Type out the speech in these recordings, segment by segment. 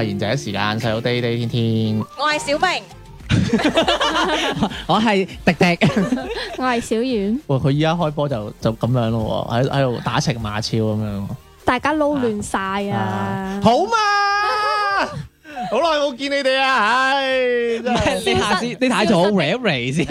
係然仔時間，細佬爹爹天天。我係小明，我係迪迪，我係小丸。哇！佢依家開波就就咁樣咯，喺喺度打情罵俏咁樣。大家撈亂晒啊！好嘛。好耐冇見你哋啊！唉，你下次你睇左 rap 嚟先，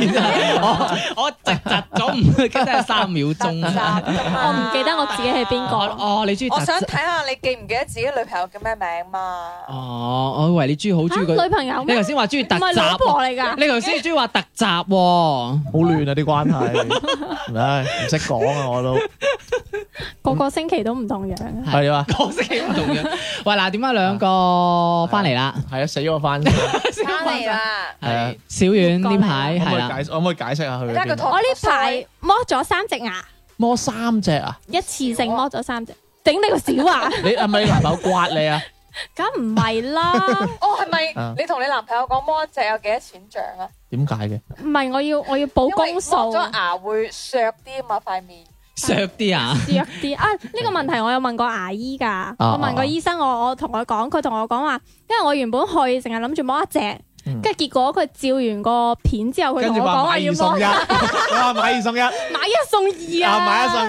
我我窒窒咗，真係三秒鐘啊！我唔記得我自己係邊個。哦，你中意我想睇下你記唔記得自己女朋友叫咩名嘛？哦，我以為你中意好中意個女朋友。你頭先話中意特集，你頭先中意話特集喎，好亂啊啲關係，唉唔識講啊我都。個個星期都唔同樣啊！係啊，個星期唔同樣。喂嗱，點解兩個翻嚟啦？係啊，死咗我翻翻嚟啦！係啊，小遠呢排係啦，我可唔可以解釋下佢？我呢排磨咗三隻牙，磨三隻啊！一次性磨咗三隻，頂你個少啊！你係咪你男朋友刮你啊？咁唔係啦，哦係咪你同你男朋友講磨一隻有幾多錢獎啊？點解嘅？唔係我要我要補工數，磨咗牙會削啲嘛塊面。削啲啊！削啲啊！呢個問題我有問過牙醫噶，啊、我問過醫生，我我同佢講，佢同我講話，因為我原本去成日諗住摸一隻，跟住結果佢照完個片之後，佢同我講話要買二送一，哇！買二送一，買一送二啊！買一送二啊買一送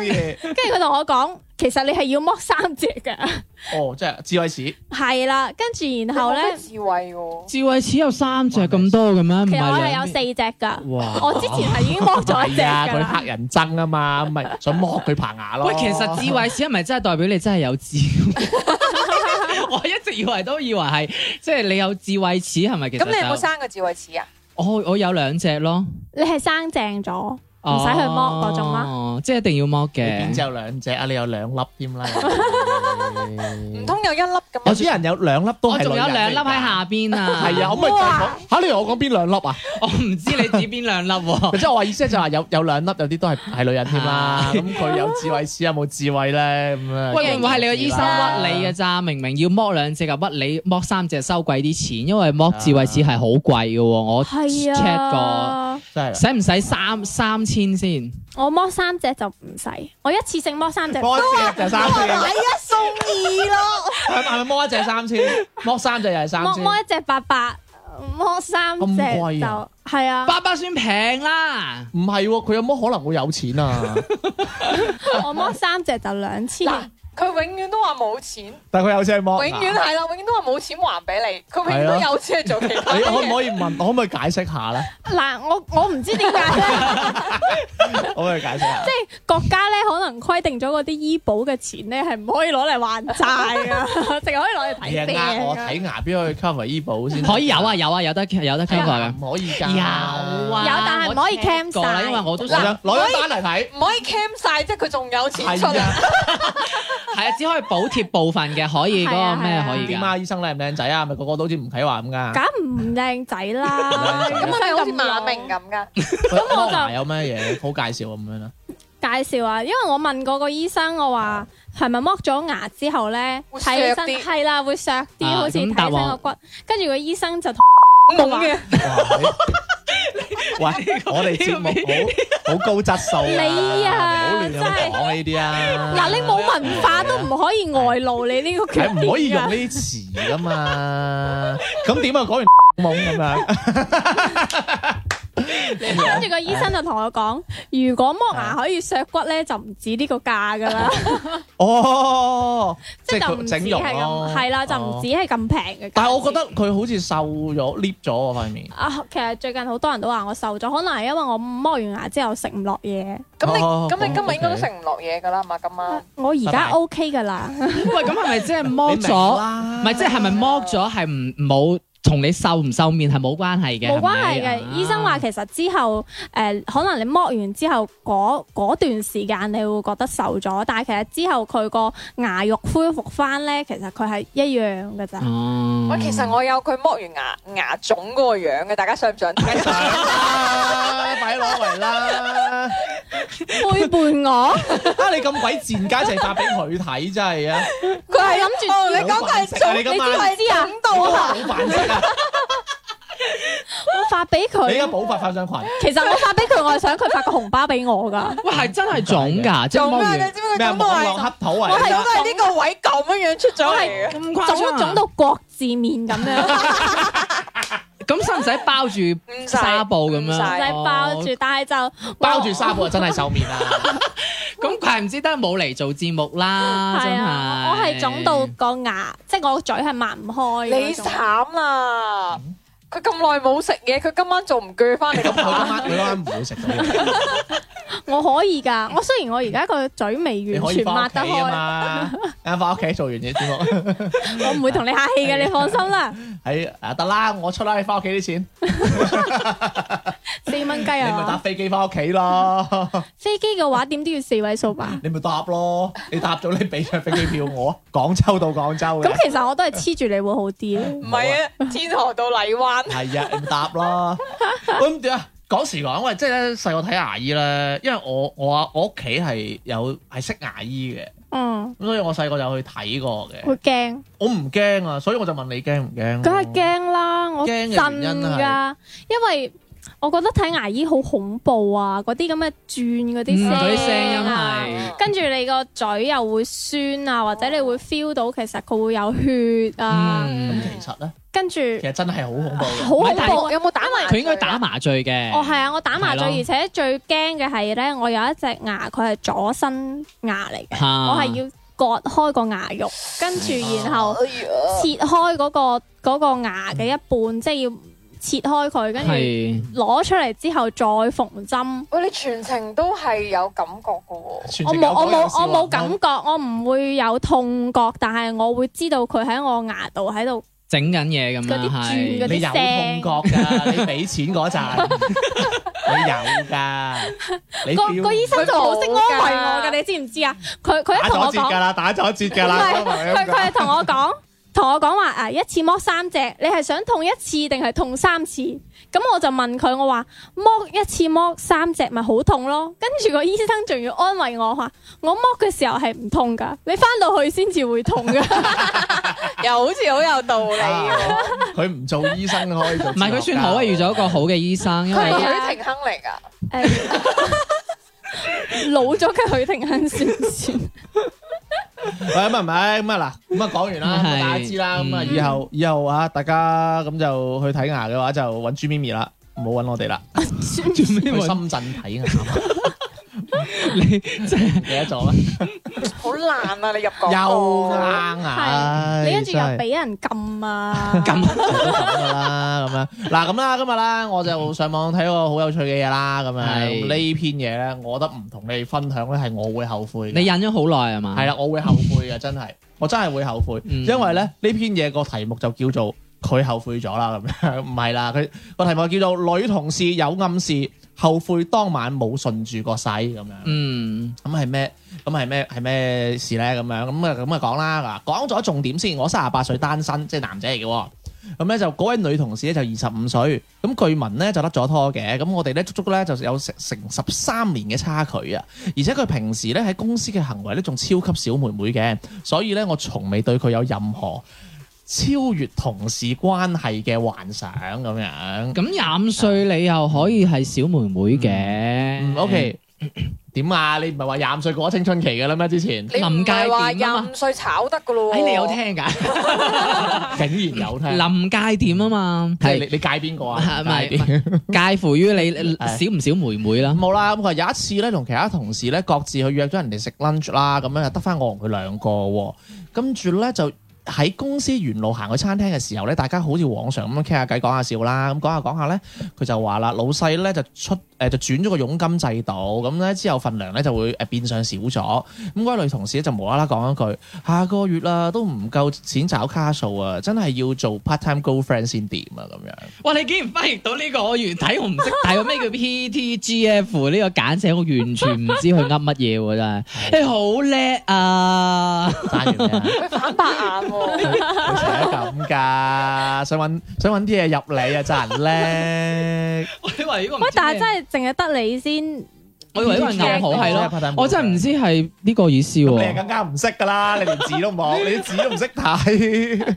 二，跟住佢同我講。其實你係要剝三隻噶，哦，即係智慧齒，係啦， 跟住然後咧，智慧智慧齒有三隻咁多咁樣？其實我係有四隻噶，哇我之前係已經剝咗一隻，佢乞人憎啊嘛，咪 想剝佢棚牙咯。喂，其實智慧齒係咪真係代表你真係有智？ 我一直以為都以為係，即係你有智慧齒係咪？咁你有冇生個智慧齒啊？我我有兩隻咯。你係生正咗？唔使去剝嗰種啦，即係一定要剝嘅。邊只有兩隻啊？你有兩粒添啦，唔通有一粒咁？我主人有兩粒都係女人，仲有兩粒喺下邊啊？係啊，咁啊吓？你話我講邊兩粒啊？我唔知你指邊兩粒。即係我話意思就係有有兩粒，有啲都係係女人添啦。咁佢有智慧齒有冇智慧咧？咁啊喂，唔係你個醫生屈你嘅咋？明明要剝兩隻就屈你，剝三隻收貴啲錢，因為剝智慧齒係好貴嘅。我 check 過。使唔使三三千先？我摸三隻就唔使，我一次性摸三隻都係說買一送二咯。係咪 摸一隻三千？摸三隻又係三千？摸，摸一隻八百，摸三隻就係啊。八百、啊、算平啦，唔係佢有冇可能會有錢啊？ 我摸三隻就兩千。 佢永遠都話冇錢，但係佢有錢冇？剝，永遠係啦，永遠都話冇錢還俾你，佢永遠都有錢做其他嘢。可唔可以問？可唔可以解釋下咧？嗱，我我唔知點解咧。可唔可以解釋下？即係國家咧，可能規定咗嗰啲醫保嘅錢咧，係唔可以攞嚟還債啊，淨係可以攞嚟睇病。我睇牙邊可以 cover 醫保先？可以有啊，有啊，有得有得 cover 嘅，唔可以加。有啊，有但係唔可以 cam 晒，因為我都想攞咗單嚟睇，唔可以 cam 晒，即係佢仲有錢出。係啊，只可以補貼部分嘅可以嗰個咩可以噶？點啊，醫生靚唔靚仔啊？咪個個都好似吳啟華咁噶，梗唔靚仔啦，咁好似馬明咁噶。咁我就有咩嘢好介紹啊咁樣啦。介紹啊，因為我問過個醫生，我話係咪剝咗牙之後咧睇起身，係啦，會削啲，好似睇起身個骨。跟住個醫生就同我講，喂，我哋節目好好高質素，你啊，好亂講呢啲啊。嗱，你冇文化都唔可以外露你呢個，係唔可以用呢啲詞噶嘛？咁點啊？講完冇啊？跟住個醫生就同我講，如果剝牙可以削骨咧，就唔止呢個價㗎啦。哦，即係唔止係啦，就唔止係咁平嘅。但係我覺得佢好似瘦咗、lift 咗個塊面。啊，其實最近好多人都話我瘦咗，可能係因為我剝完牙之後食唔落嘢。咁你咁你今日應該都食唔落嘢㗎啦，係咪咁啊？我而家 OK 㗎啦。喂，係咁係咪即係剝咗？唔係即係咪剝咗係唔唔冇？同你瘦唔瘦面係冇關係嘅，冇關係嘅。係咪？醫生話其實之後，誒、呃，可能你剝完之後嗰段時間你會覺得瘦咗，但係其實之後佢個牙肉恢復返呢，其實佢係一樣㗎咋。我、嗯、其實我有佢剝完牙牙腫嗰個樣嘅，大家想唔想睇？唔想啦，咪攞嚟啦。背叛我啊！你咁鬼賤，家一齊發俾佢睇真係啊！佢係諗住你講佢係腫，你知唔知腫到啊？好煩啊！我發俾佢，你而家補發發上群。其實我發俾佢，我係想佢發個紅包俾我噶。喂，係真係腫噶，腫啊！你知唔知佢黑到啊？我係覺得係呢個位咁樣樣出咗嚟，腫腫到國字面咁樣。咁使唔使包住 紗布咁啊？唔使包住，但係就包住紗布真係受面啦。咁但唔知得冇嚟做節目啦。 真係是，我係腫到個牙， 即係我嘴係擘唔開。你慘啦，啊！佢咁耐冇食嘢，佢今晚做唔鋸翻嚟。咁？今晚唔好食。我可以噶，我雖然我而家個嘴未完全擘得開啱翻屋企做完嘢先我唔會同你客氣嘅，你放心啦。喺啊得啦，我出啦，你翻屋企啲錢四蚊雞啊！你咪搭飛機翻屋企咯。飛機嘅話點都要四位數吧？你咪搭咯，你搭咗你俾張飛機票我，廣州到廣州。咁其實我都係黐住你會好啲。唔係啊，天河到荔灣。係啊，唔、 哎、答啦。喂、 哎，咁點啊？講時講，喂，即係咧細個睇牙醫咧，因為我我啊我屋企係有係識牙醫嘅，嗯，咁所以我細個有去睇過嘅。會我驚，我唔驚啊，所以我就問你驚唔驚？梗係驚啦，我驚真㗎，因為。我覺得睇牙醫好恐怖啊！嗰啲咁嘅轉嗰啲聲啊，嗯、聲音跟住你個嘴又會酸啊，或者你會 feel 到其實佢會有血啊。咁、嗯、其實咧，跟住著其實真係好恐， 恐怖。好恐怖，有冇打麻？佢應該打麻醉嘅。醉哦，係啊，我打麻醉，的而且最驚嘅係咧，我有一隻牙，佢係阻生牙嚟嘅， 我係要割開個牙肉，跟住然後切開嗰個個牙嘅一半，即係 要。切開佢，跟住攞出嚟之後再縫針。喂，你全程都係有感覺噶喎！我冇，我冇，我冇感覺，我唔會有痛覺，但係我會知道佢喺我牙度喺度整緊嘢咁樣！你有痛覺噶？你俾錢嗰陣你有噶？個個醫生就好識安慰我噶，你知唔知啊？佢佢一同我講打咗折噶啦，打咗折噶啦，佢佢係同我講。同我講話，啊，一次剝三隻，你係想痛一次定係痛三次？咁我就問佢，我話剝一次剝三隻咪好痛咯。跟住個醫生仲要安慰我話，我剝嘅時候係唔痛噶，你翻到去先至會痛噶。 又好似好有道理，佢唔、啊啊啊啊、做醫生可以做哲學家唔係佢算好 啊？遇咗一個好嘅醫生，因為許廷鏗嚟噶， 老咗嘅許廷鏗算唔算？ 喂，乜唔係咁啊？嗱，咁啊講完啦， 是大家知啦。咁啊、嗯，以後以後啊，大家咁就去睇牙嘅話就，就搵朱咪咪啦，唔好搵我哋啦。 去深圳睇牙。 你真係點咗啊？ 好難啊！你入又硬啊！你跟住又俾人撳啊！ 撳都咁噶啦，咁 樣嗱咁啦，今日啦、啊，我就上網睇個好有趣嘅嘢啦，咁樣呢、啊、是篇嘢咧，我覺得唔同你分享咧，係我會後悔。你忍咗好耐係嘛？係啦、啊，我會後悔嘅，真係，我真係會後悔，嗯、因為咧呢篇嘢個題目就叫做佢後悔咗啦，咁樣唔係啦，佢、那個題目叫做女同事有暗示。後悔當晚冇順住個勢。咁樣，嗯，咁係咩？咁係咩？係咩事咧？咁樣咁啊，咁啊講啦嗱，講咗重點先。我三十八歲單身，即係男仔嚟嘅咁咧，就嗰位女同事咧就二十五歲咁，據聞咧就甩咗拖嘅咁，我哋咧足足咧就有成成十三年嘅差距啊！而且佢平時咧喺公司嘅行為咧仲超級小妹妹嘅，所以咧我從未對佢有任何超越同事關係嘅幻想咁樣，咁廿五歲你又可以係小妹妹嘅？嗯，O K，點啊？你唔係話廿五歲過咗青春期噶啦咩？之前臨界話廿五歲炒得噶咯喎，哎，你有聽噶？竟然有聽臨界點啊嘛，係你介邊個啊？唔係介乎於你少唔少妹妹啦。冇啦，咁啊有一次咧，同其他同事咧，各自去約咗人哋食 lunch 啦，咁樣就得翻我同佢兩個，跟住咧就。喺公司沿路行去餐廳嘅時候咧，大家好似往常咁樣傾下偈、講下笑啦。咁講下講下咧，佢就話啦，老細咧就出誒就轉咗個佣金制度，咁咧之後份糧咧就會誒變相少咗。咁嗰位女同事咧就無啦啦講一句：下個月啦、啊、都唔夠錢找卡數啊，真係要做 part time girlfriend 先點啊咁樣。哇！你竟然翻譯到呢個體，我原睇我唔識睇個咩叫 PTGF 呢個簡寫，我完全唔知佢噏乜嘢喎真係。哦、你好叻啊！ 佢成日咁噶，想揾想揾啲嘢入嚟啊！真係叻。我以為呢個唔，喂，但係真係淨係得你先。我以為呢個係好係咯，我真係唔知係呢個意思。你更加唔識噶啦，你連字都冇，你啲字都唔識睇。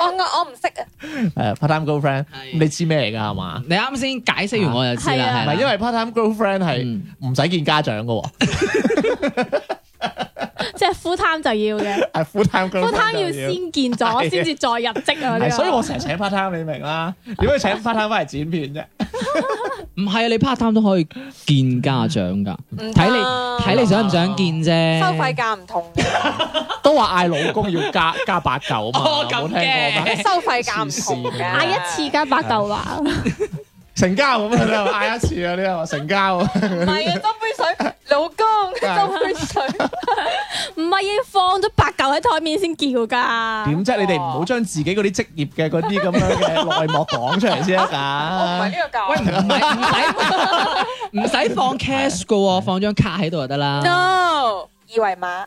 我我我唔識啊。誒，part time girlfriend，你知咩嚟噶係嘛？你啱先解釋完我就知啦，係咪？因為 part time girlfriend 係唔使見家長噶。即係 full time 就要嘅，full time 要先見咗先至再入職啊！所以我成日請 part time，你明啦？點解請 part time 翻嚟剪片啫？唔係啊，你 part time 都可以見家長噶，睇你睇你想唔想見啫。收費價唔同，都話嗌老公要加加八嚿啊嘛，冇聽過咩？收費價唔同，嗌一次加八嚿啊。成交咁喺度嗌一次啊！你又話成交，唔係啊！斟杯水，老公斟 杯水，唔係 要放咗八嚿喺台面先叫噶，啊。點啫？你哋唔好將自己嗰啲職業嘅嗰啲咁樣嘅內幕講出嚟先得噶。我唔係呢個價，喂唔係唔使唔使放 cash 噶， 放張卡喺度就得啦。No。二維碼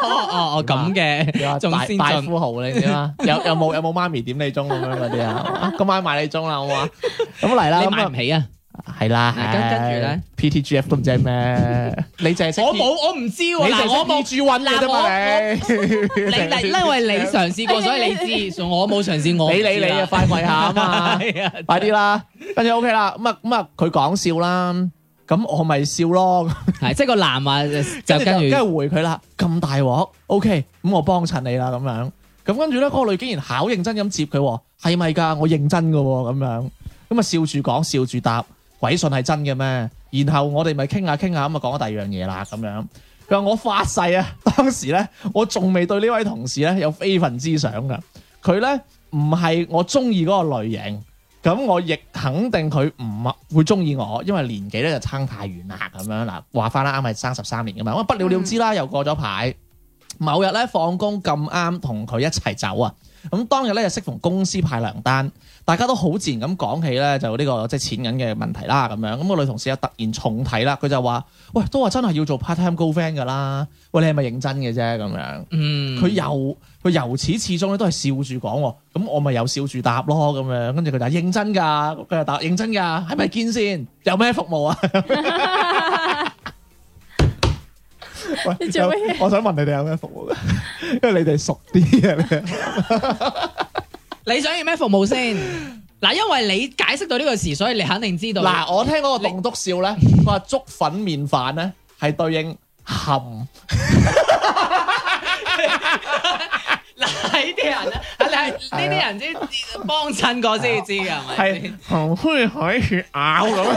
哦哦咁嘅，仲先大富豪咧，有有冇有冇媽咪點你中咁樣嗰啲啊？今晚買你中啦，我話咁嚟啦，你買唔起啊？係啦，跟跟住咧，PTGF 都唔知係咩？你淨係我冇，我唔知喎。你係先住運得嘅，你因為你嘗試過，所以你知。我冇嘗試，我唔俾你，你啊快跪下啊嘛！快啲啦，跟住 OK 啦。咁啊咁啊，佢講笑啦。咁我咪笑咯的，係 即係個男話，就跟住跟住回佢啦。咁大鑊，OK，咁我幫襯你啦咁樣。咁跟住咧，嗰、那個女竟然好認真咁接佢，係咪噶？我認真噶、哦，咁樣咁啊笑住講，笑住答，鬼信係真嘅咩？然後我哋咪傾下傾下咁啊講咗第二樣嘢啦咁樣。佢話我發誓啊，當時咧我仲未對呢位同事咧有非分之想噶，佢咧唔係我中意嗰個類型。咁我亦肯定佢唔會中意我，因為年紀咧就爭太遠啦咁樣嗱。話返啦，啱係爭十三年嘅嘛，咁不了了之啦，嗯、又過咗排，某日咧放工咁啱同佢一齊走啊！咁當日咧，適逢公司派糧單，大家都好自然咁講起咧，就呢、這個即係、就是、錢銀嘅問題啦咁樣。咁、那個女同事又突然重提啦，佢就話：喂，都話真係要做 part time girlfriend 噶啦，喂，你係咪認真嘅啫？咁樣，佢、嗯、由佢由始始，始終咧都係笑住講，咁我咪又笑住答咯咁樣。跟住佢就認真㗎、啊，佢就答認真㗎、啊，係咪堅先？有咩服務啊？ 喂你做咩？我想問你哋有咩服務，因為你哋熟啲嘢。你想要咩服務先？嗱， 因為你解釋到呢個詞，所以你肯定知道。嗱，我聽嗰個棟篤笑咧，佢話粥粉麵飯咧係對應含。嗱、 啊，呢啲人你係呢啲人先幫襯過先知嘅，係咪是？係紅灰海血咬咁。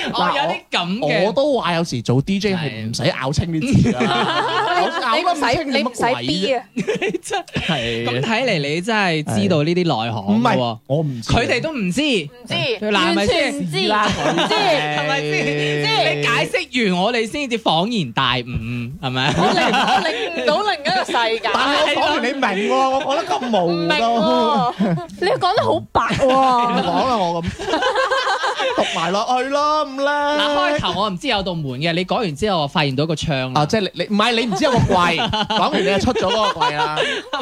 我有啲咁嘅，我都話有時做 DJ 係唔使咬清啲字啊！你唔使，你唔使 B 啊！真係咁睇嚟，你真係知道呢啲內行，唔係喎！我唔，佢哋都唔知，唔知，完全唔知，係咪先？即係你解釋完，我哋先至恍然大悟，係咪？我領領唔到另一個世界。但係我講完你明喎，我講得咁模糊，你講得好白喎！講啊，我咁讀埋落去啦～啦，嗱開頭我唔知有道門嘅，你講完之後我發現到個窗啊，即係你你唔係，你唔知有個櫃，講 完你就出咗嗰個櫃啦，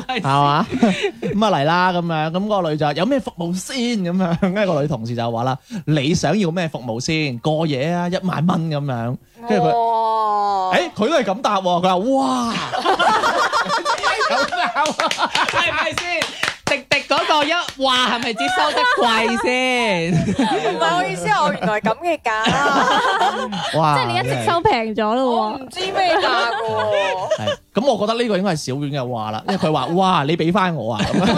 係嘛 是吧，咁啊嚟，啦咁樣，咁、那、嗰個女就：有咩服務先？咁樣，跟、那、住個女同事就話啦：你想要咩服務先？過夜啊，1, 一萬蚊咁樣，哇、欸樣啊。哇，誒，佢都係咁答，佢 話： 哇，係咪先？嗰個一話係咪接收得貴先？唔 係我意思，我原來咁嘅價，即係你一直收平咗咯喎，唔知咩價喎。係，咁我覺得呢個應該係小婉嘅話啦，因為佢話：哇，你俾翻我啊！咁樣，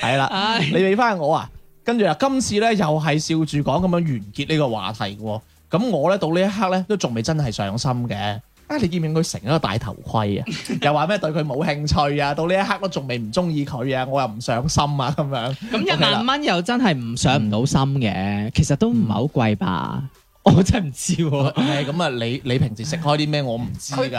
係啦， 你俾翻我啊！跟住啊，今次咧又係笑住講咁樣完結呢個話題嘅。咁我咧到呢一刻咧都仲未真係上心嘅。啊！你見唔見佢成個大頭盔啊？ 又話咩對佢冇興趣啊？到呢一刻都仲未唔中意佢啊！我又唔上心啊咁樣。咁一萬蚊又真係唔上唔到心嘅，okay 了嗯、其實都唔係好貴吧？嗯、我真係唔知喎。咁啊， 你你平時食開啲咩？我唔知㗎。唔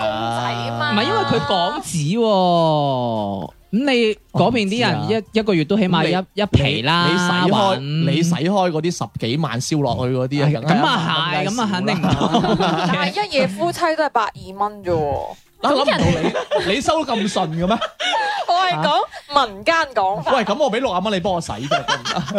係因為佢港紙喎、啊。咁、嗯、你嗰邊啲人一一個月都起碼一、哦、一皮啦，你使開你使開嗰啲十幾萬燒落去嗰啲啊，咁啊係，咁啊肯定，但係一夜夫妻都係百二蚊啫。小 intake 笑 tul ß ular 嗱諗唔到你， 你收得咁順嘅咩？我係講民間講法、啊。喂，咁我俾六十蚊你幫我洗咋，得唔得？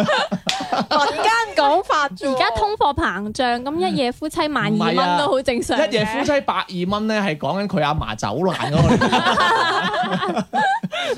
民間講法，而家通貨膨脹，咁一夜夫妻萬二蚊都好正常、啊。一夜夫妻百二蚊咧，係講緊佢阿嫲走爛嗰個。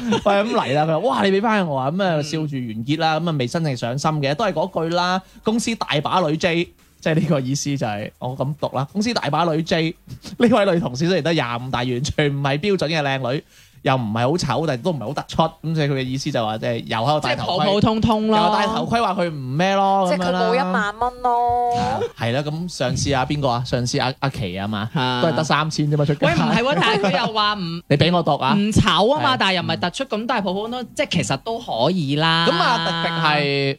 喂，咁嚟啦！佢話：哇，你俾翻我咁啊，笑住完結啦，咁啊未真正上心嘅，都係嗰句啦。公司大把女 J。即係呢個意思就係、是、我咁讀啦。公司大把女 J，呢位女同事雖然得廿五，但完全唔係標準嘅靚女，又唔係好醜，但都唔係好突出。咁所以佢嘅意思就話、是、即係又喺度戴頭，即普普通通咯。又戴頭盔話佢唔咩咯，即係佢冇一萬蚊咯。係啦、 啊，咁、啊、上次啊邊個啊？上次阿阿琪啊嘛，都係得三千啫嘛出。喂唔係喎，但係佢又話唔 你俾我讀啊？唔醜啊嘛，啊但係又唔係突出，咁、嗯、但係普，普普通，普普通，即係其實都可以啦。咁啊，特別係。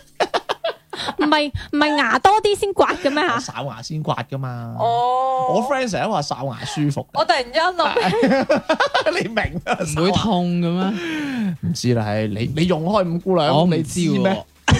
唔係唔係，牙多啲先刮嘅咩？刷牙先刮噶嘛。哦、嗯。我 friend 成日都話刷牙舒服。我突然間落。你明啊？唔會痛嘅咩？唔知啦，係你你用開五姑娘，你知咩？知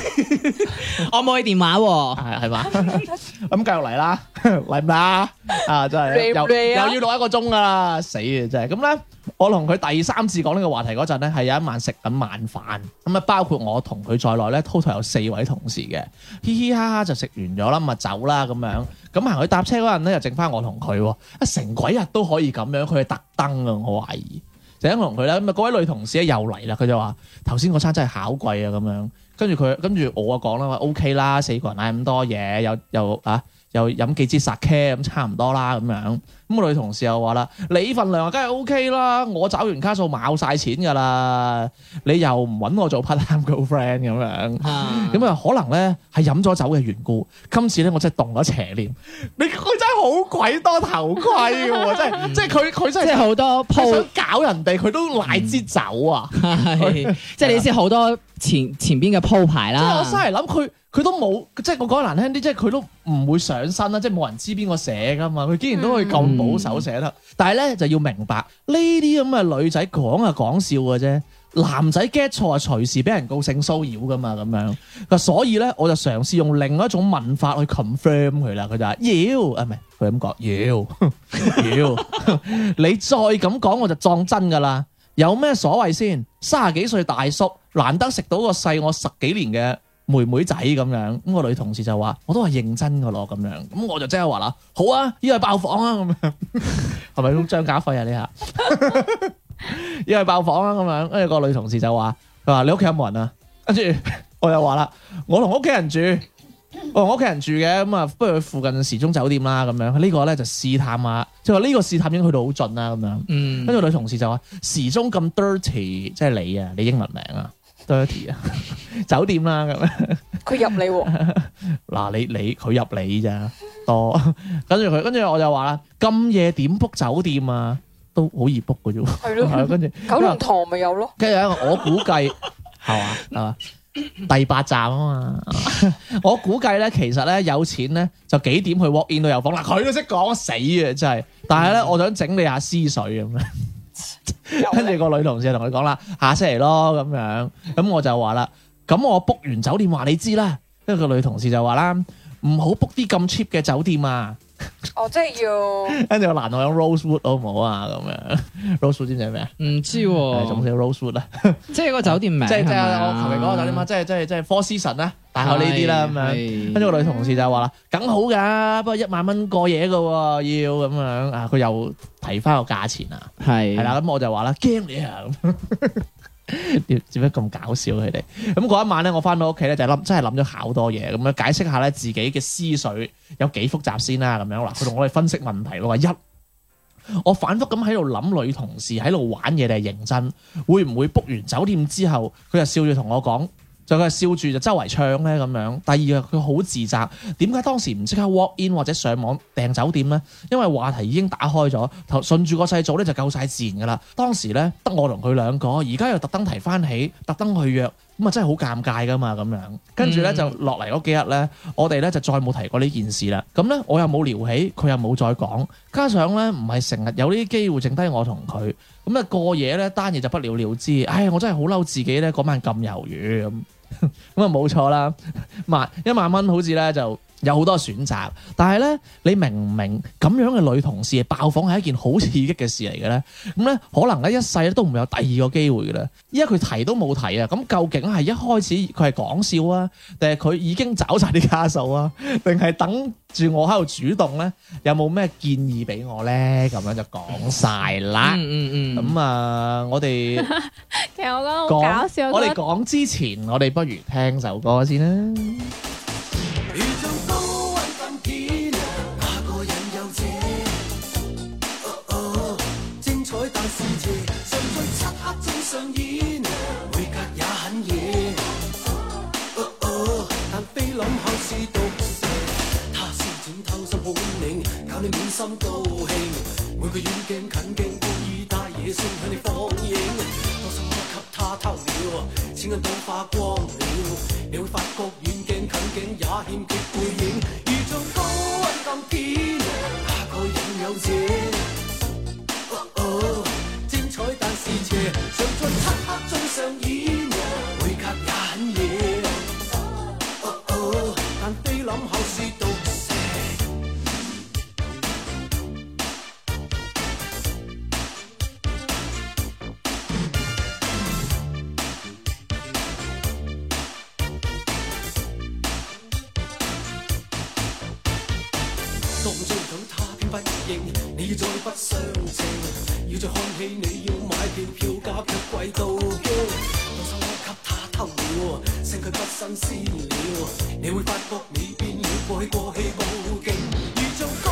我冇佢電話喎、啊。係係嘛？咁 繼續嚟啦，嚟嘛？ 啊，真係又要錄一個鐘啦，死嘅真係。咁咧。我同佢第三次講呢個話題嗰陣咧，係有一晚食緊晚飯，咁啊包括我同佢在內咧，total 有四位同事嘅，嘻嘻哈哈就食完咗啦，咪走啦咁樣，咁行去搭車嗰陣咧，又剩返我同佢喎，啊成鬼日都可以咁樣，佢係特登啊，我懷疑，就咁同佢咧，咪嗰位女同事咧又嚟啦，佢就話頭先個餐真係巧貴啊咁樣，跟住佢跟住我啊，講啦嘛，OK 啦，四個人買咁多嘢，又又啊。又飲幾支 sake 咁差唔多啦咁樣，咁我女同事又話啦：你份量啊，梗係 O K 啦，我走完卡數冇晒錢噶啦，你又唔揾我做 part time girlfriend 咁樣。咁啊可能咧係飲咗酒嘅緣故，今次咧我真係動咗邪念。你佢真係好鬼多頭盔嘅、啊、喎， 真係，即係佢佢真係，即係好多鋪想搞人哋，佢都賴支酒啊，即係你知好多前前邊嘅鋪排啦，即係我先嚟諗佢。佢都冇，即係我講得難聽啲，即係佢都唔會上身啦，即係冇人知邊個寫噶嘛。佢竟然都可以咁保守寫得，嗯、但係咧就要明白呢啲咁嘅女仔講係講笑嘅啫，男仔 get 錯啊，隨時俾人告性騷擾噶嘛咁樣。嗱，所以咧我就嘗試用另外一種文法去 confirm 佢啦。佢就話妖啊，唔係佢咁講妖妖， 你再咁講我就撞真噶啦，有咩所謂先？三十幾歲大叔難得食到個細我十幾年嘅妹妹仔咁樣，咁、嗰個女同事就話：我都係認真噶咯咁樣，咁我就即刻話啦，好啊，依家去爆房啊咁樣，係咪張假費啊你啊？依家去 爆房啊咁樣，跟住個女同事就話：佢話你屋企有冇人啊？跟住我又話啦，我同屋企人住，哦，我同屋企人住嘅，咁啊，不如去附近時鐘酒店啦，咁樣，這個、呢個咧就試探下，即係話呢個試探已經去到好盡啦，咁樣，嗯，跟住女同事就話：時鐘咁 dirty，即係你啊，你英文名啊？dirty 啊， 酒店啦咁，佢入你喎，嗱 你你佢入你咋多，跟住佢跟住我就話啦，咁夜點 book 酒店啊，都好易 book 嘅啫，係咯，跟住九龍塘咪有咯，跟住 我估計係嘛係嘛，第八站啊嘛， 我估計咧其實咧有錢咧就幾點去 walk in 都有房啦，佢都識講死啊真係，但係咧我想整理下思緒咁樣。 跟住個女同事就同佢講啦，下星期咯咁樣，咁我就話啦，咁我 book 完酒店話你知啦，跟住個女同事就話啦，唔好 book 啲咁 cheap 嘅酒店啊。哦，即係要，跟住我男我有 Rosewood 好唔好啊？咁樣 Rosewood 知唔知係咩啊？唔知，總之 Rosewood 啦。即係個酒店名，即係即係我頭先講個酒店啊！即係即係即係 Four Sea 是 sons 啦，大學呢啲啦咁樣。跟住個女同事就話啦，梗好噶，不過一萬蚊過夜噶要咁樣啊！佢又提翻個價錢是啊，係係啦，咁我就話啦，驚你啊咁。點點解咁搞笑佢哋？咁嗰一晚咧，我翻到屋企咧就諗，真係諗咗好多嘢，咁樣解釋下咧自己嘅思緒有幾複雜先啦。咁樣啦，佢同我哋分析問題咯。話一，我反複咁喺度諗女同事喺度玩嘢定係認真，會唔會 book 完酒店之後，佢就笑住同我講。就佢係笑住就周圍唱咧咁樣。第二佢好自責，點解當時唔即刻 walk in 或者上網訂酒店呢？因為話題已經打開咗，頭順住個勢做咧就夠晒自然噶啦。當時咧得我同佢兩個，而家又特登提翻起，特登去約，咁啊真係好尷尬噶嘛咁樣。跟住咧就落嚟嗰幾日咧，我哋咧就再冇提過呢件事啦。咁咧我又冇聊起，佢又冇再講。加上咧唔係成日有呢啲機會剩，剩低我同佢咁啊過夜咧單嘢就不了，了了之。唉，我真係好嬲自己咧嗰晚咁猶豫咁。咁啊冇錯啦，萬 一萬蚊好似咧就。有好多選擇，但係咧，你明唔明咁樣嘅女同事爆房係一件好刺激嘅事嚟嘅咧？咁、嗯、咧，可能咧一世都唔會有第二個機會嘅啦。依家佢提都冇提啊！咁究竟係一開始佢係講笑啊，定係佢已經找晒啲卡數啊，定係等住我喺度主動咧？有冇咩建議俾我咧？咁樣就講晒啦。嗯嗯咁啊，嗯 uh, 我哋 其實我覺得好搞笑。講我哋講之前，我哋不如聽首歌先啦。上演，每格也很野、uh。Uh, 但飛龍菲林後是毒蛇，他先展偷心本領，教你滿心高興。每個遠鏡近鏡故意帶野性向你放映，多心不給他偷了，錢銀都花光了。你會發覺遠鏡近鏡也欠缺背影，如像高溫鋼片，下個擁有者。在漆黑中上演。 你再不相認，要再看戲你要買票，票價卻貴到驚。內心給他偷了，身軀不新鮮了，你會發覺你變了，過去過氣無勁。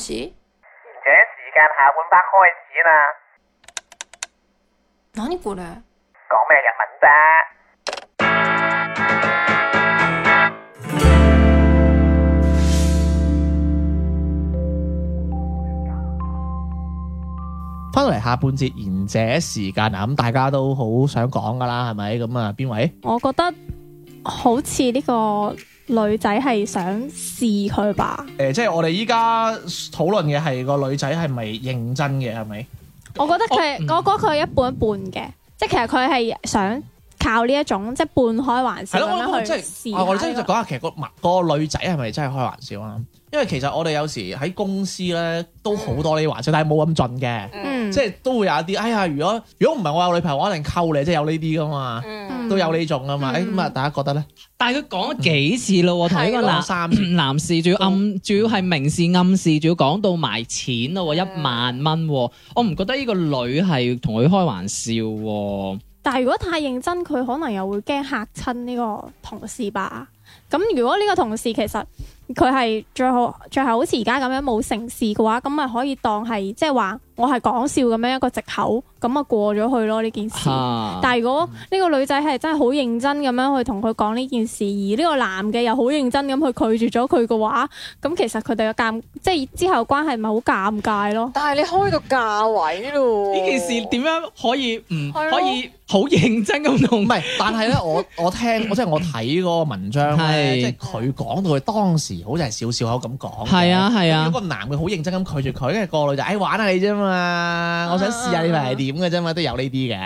賢者時間下半節開始啦。哪裏過嚟？講咩日文啫？翻到嚟下半節賢者時間喇，咁大家都好想講噶啦，係咪？咁啊，邊位？我覺得好似呢個。女仔係想試佢吧？誒、呃，即係我哋依家討論嘅係、個女仔係咪認真嘅？係咪？我覺得佢，我覺得佢一半一半嘅、嗯，即係其實佢係想靠呢一種即係半開玩笑，我諗佢咁樣去試。我哋、嗯嗯、即係就講下其實個個女仔係咪真係開玩笑啊？因為其實我哋有時喺公司咧都好多呢啲玩笑，但係冇咁盡嘅，即係都會有一啲。哎呀，如果如果唔係我有女朋友，我一定溝你，即係有呢啲㗎嘛。嗯都有呢種啊嘛，誒咁啊，大家覺得咧？但係佢講咗幾次咯？嗯、同呢個男 男士，仲要暗，仲、嗯、要係明示暗示，仲要講到埋錢咯，一萬蚊。嗯、我唔覺得呢個女係同佢開玩笑。但係如果太認真，佢可能又會驚嚇親呢個同事吧。咁如果呢個同事其實佢係最後最後好似而家咁樣冇成事嘅話，咁咪可以當係即係話。就是我係講笑咁樣一個藉口，咁啊過咗去咯呢件事。但係如果呢個女仔係真係好認真咁樣去同佢講呢件事，而呢個男嘅又好認真咁去拒絕咗佢嘅話，咁其實佢哋嘅尷，即係之後關係咪好尷尬咯。但係你開個價位咯，呢件事點樣可以唔可以好認真咁同的？唔但係咧，我我聽，即係 我睇嗰個文章 即係佢講到佢當時好似係笑笑口咁講。係啊係啊，如果個男嘅好認真咁拒絕佢，跟、那、住個女仔：哎「誒玩下你啫嘛。嘛，我想試下呢排係點嘅啫嘛，都有呢啲嘅。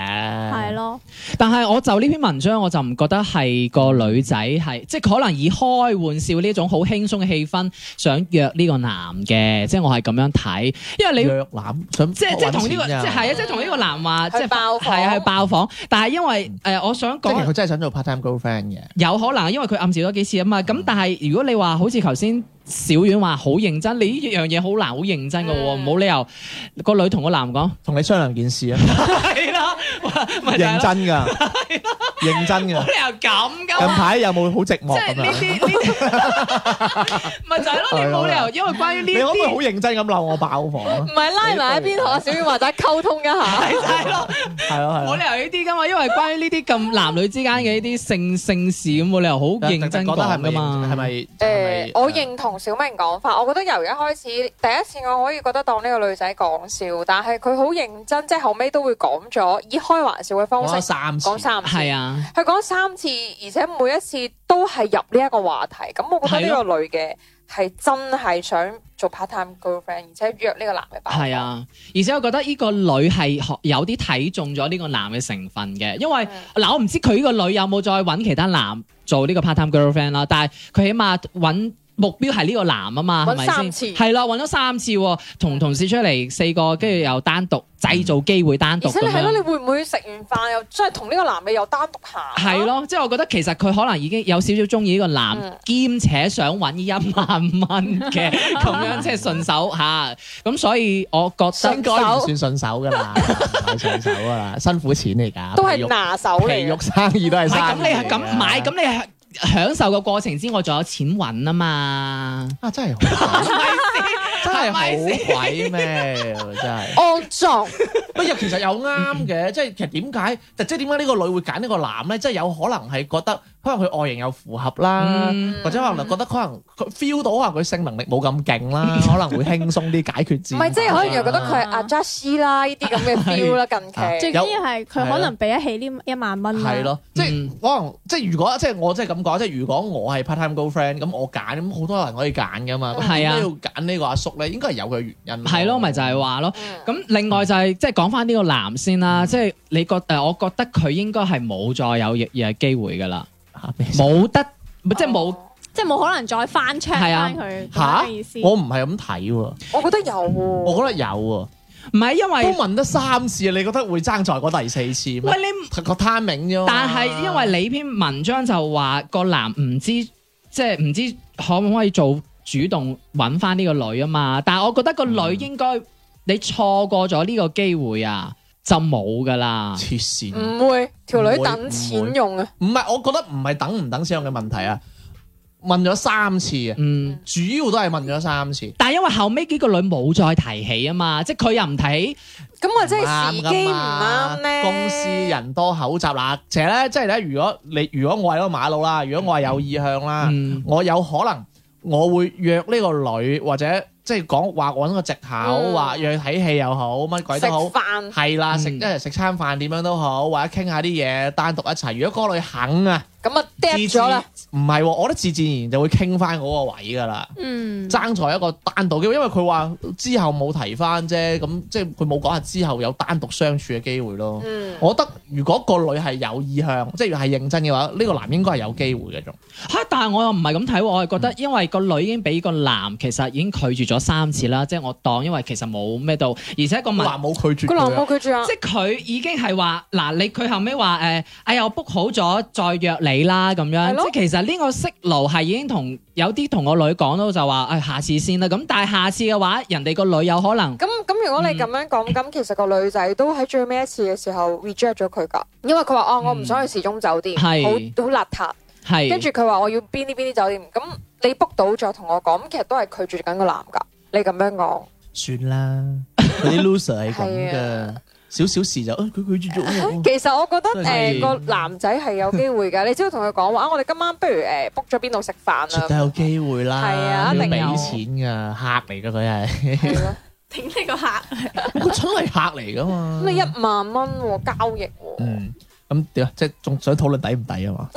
係咯， 但係我就呢篇文章，我就唔覺得係個女仔係，即係可能以開玩笑呢種好輕鬆嘅氣氛想約呢個男嘅，即係我係咁樣睇。因為你約男想，即係即係同呢個，即係啊，即係同呢個男話，即係爆房，啊，係爆房。但係因為誒，我想講，即係佢真係想做 part time girlfriend 嘅，有可能因為佢暗示咗幾次啊嘛。咁但係如果你話好似頭先。小婉話好認真，你呢樣嘢好難，好認真嘅喎，唔好 Yeah. 理由個女同個男講，同你商量件事啊， 係喇，認真㗎。 認真嘅，冇理由咁噶。近排有冇好寂寞即係呢啲，呢啲，咪就係咯。你冇理由，因為關於呢啲，你可唔可以好認真咁鬧我爆房？唔係拉埋一邊同阿小燕話齋溝通一下，係咯，係咯係冇理由呢啲噶嘛，因為關於呢啲咁男女之間嘅呢啲性性事咁，冇理由好認真講噶嘛，係咪？誒，我認同小明講法，我覺得由一開始第一次，我可以覺得當呢個女仔講笑，但係佢好認真，即係後尾都會講咗，以開玩笑嘅方式講三次，係啊。佢講三次，而且每一次都係入呢一個話題，咁我覺得呢個女嘅係、啊、真係想做 part time girlfriend，而且約呢個男嘅。係啊，而且我覺得呢個女係學有啲睇中咗呢個男嘅成分嘅，因為嗱、嗯嗯、我唔知佢呢個女有冇再揾其他男做呢個 part time girlfriend 啦、啊，但係佢起碼揾。目標係呢個男啊嘛，係咪三次？係啦，搵咗三次，同同事出嚟四個，跟住又單獨製造機會單獨咁樣。係咯樣，你會唔會食完飯又即係同呢個男嘅又單獨行？係咯，即係我覺得其實佢可能已經有少少中意呢個男，兼、嗯、且想搵呢一萬蚊嘅，咁樣即係順手吓。咁 所以我覺得應該唔算順手噶啦，太順手噶啦， 辛苦錢嚟噶，都係拿手嚟，皮肉，皮肉生意都係。咁你係咁買，咁你係。享受個過程之外，仲有錢揾啊嘛！啊，真係好， 真係好鬼咩！ 真係惡作，不過 其實又啱嘅， 即係其實點解，即係點解呢個女會揀呢個男咧？即係有可能係覺得。可能佢外形又符合啦，或者可能覺得可能佢 feel 到可能佢性能力冇咁勁啦，可能會輕鬆啲解決。唔係即係可能又覺得佢 adjust 師啦，呢啲咁嘅 feel 啦近期。最緊要係佢可能俾得起呢一萬蚊。係咯，即係可能即係如果即係我即係咁講，即係如果我係 part time girlfriend 咁，我揀咁好多人可以揀㗎嘛。係啊，點解要揀呢個阿叔咧？應該係有佢原因。係咯，咪就係話咯。咁另外就係即係講返呢個男先啦，即係你覺誒，我覺得佢應該係冇再有嘢機會㗎啦。冇得，即係冇，哦、即係冇可能再翻窗翻佢吓嘅意思。我唔係咁睇，我覺得有、啊，我覺得有、啊，唔係因為都問得三次，你覺得會爭在嗰第四次？喂你，你個 timing 啫。但係因為你篇文章就話個男唔知，即係唔知可唔可以做主動揾翻呢個女啊嘛？但係我覺得個女應該、嗯、你錯過咗呢個機會啊。就冇噶啦，黐線！唔會，條女等錢用啊！唔係，我覺得唔係等唔等先用嘅問題啊！問咗三次啊，嗯，主要都係問咗三次。但係因為後尾幾個女冇再提起啊嘛，即係佢又唔睇，咁我真係時機唔啱咧。公司人多口雜啦，其實咧，即係咧，如果你如果我係嗰個馬路啦，如果我係有意向啦，嗯、我有可能我會約呢個女或者。即係講話揾個藉口，話約睇戲又好，乜鬼都好，係飯啦，食一齊食餐飯點樣都好，或者傾下啲嘢，單獨一齊。如果個女肯、嗯、啊，咁啊，掟咗啦。唔係、哦，我覺得自自然就會傾翻嗰個位㗎啦。嗯，爭在一個單獨機會，因為佢話之後冇提翻啫，咁即係佢冇講係之後有單獨相處嘅機會咯。我覺得如果個女係有意向，即係係認真嘅話，呢、呢個男應該係有機會嘅仲嚇。但係我又唔係咁睇，我係覺得因為個女已經俾個男其實已經拒絕咗三次啦，嗯、即係我當因為其實冇咩到，而且個男冇拒絕，個男冇拒絕啊，即係佢已經係話嗱，你佢後尾話誒，哎呀我 book 好咗，再約你啦咁樣，即喻其實。呢個息勞係已經同有啲同我女講咯，就話誒，下次先啦。咁但係下次嘅話，人哋個女有可能咁咁。如果你咁樣講，咁其實個女仔都喺最尾一次嘅時候 reject 咗佢噶，因為佢話哦，我唔想去時鐘酒店，好好邋遢，係跟住佢話我要邊啲邊啲酒店。咁你 book 到再同我講，咁其實都係拒絕緊個男噶。你咁樣講算啦，啲 loser 係咁噶。少少事就，佢佢喐喐，其實我覺得誒個男仔係有機會㗎，你只要同佢講話，我哋今晚不如誒 book 咗邊度食飯啊！絕對有機會啦，係啊，一定有錢㗎，客嚟㗎佢係。頂呢個客，我蠢嚟客嚟㗎嘛，咁你一萬蚊交易喎，嗯，咁點啊？即係仲想討論抵唔抵啊嘛